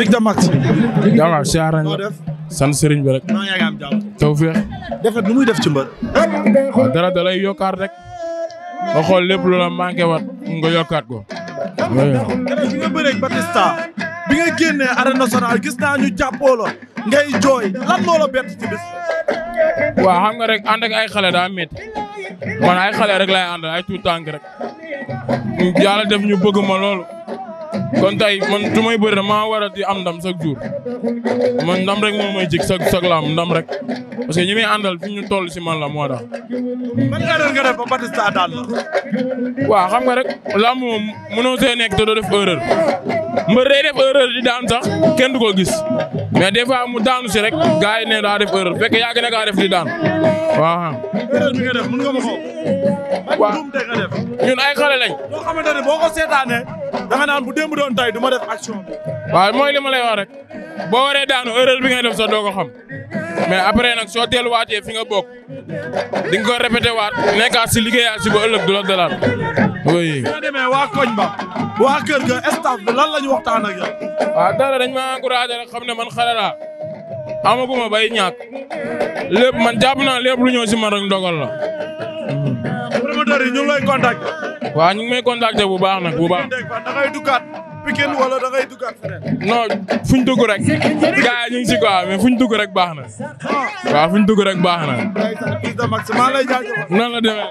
Pique Damax. Damax siyaare na sant sëriñ bi rek. tawfeex. defet nu muy def ci mbër. waaw dara da lay rek. nga xool lépp lu la manqué wat nga yokkaat ko. bi nga génne Batista bi nga gis naa ñu jàppoo la ngay jooy lan moo la bett ci xam nga rek ànd ak ay xale daa métti man ay xale rek laay àndal ay tuut rek yàlla def ñu bëgg ma loolu. kon tey man su may maa war a di am ndam chaque jour man ndam rek moom may jik chaque chaque laam ndam rek parce que ñi muy àndal fi ñu toll si man la moo tax. ban erreur nga def ba daan la. waaw xam nga rek lamb moom mënoo see nekk te doo def erreur mbër day def erreur di daan sax kenn du ko gis mais des fois mu daanu si rek gars yi ne daa def erreur fekk yaa ngi ne kaa def di daan waaw. erreur ñun ay xale lañ. boo xamante ne boo ko seetaanee. da nga naan bu démb doon tay du ma def action bi. mooy li ma lay wax rek boo waree daanu erreur bi ngay def sa doo ko xam mais après nag soo delluwaatee fi nga bokk di nga ko répété waat nekkaat si liggéeyaat si ba ëllëg du la dalaat. oui. nga demee waa koñ ba waa kër ga staff bi lan la ñu waxtaan ak yow. waaw ah, dara dañ ma encouragé rek xam ne man xale laa amaguma bay ñàkk lépp man jàpp naa lépp lu ñëw si man rek ndogal la. ñu ngi lay waaw ñu ngi may contacter bu baax na bu baax. da ngay duggaat Pikine wala da ngay duggaat feneen. non fuñ dugg rek. gars yi ñu ngi si fuñ dugg rek baax na. Ah. waaw fuñ dugg rek baax na. noonu la demee.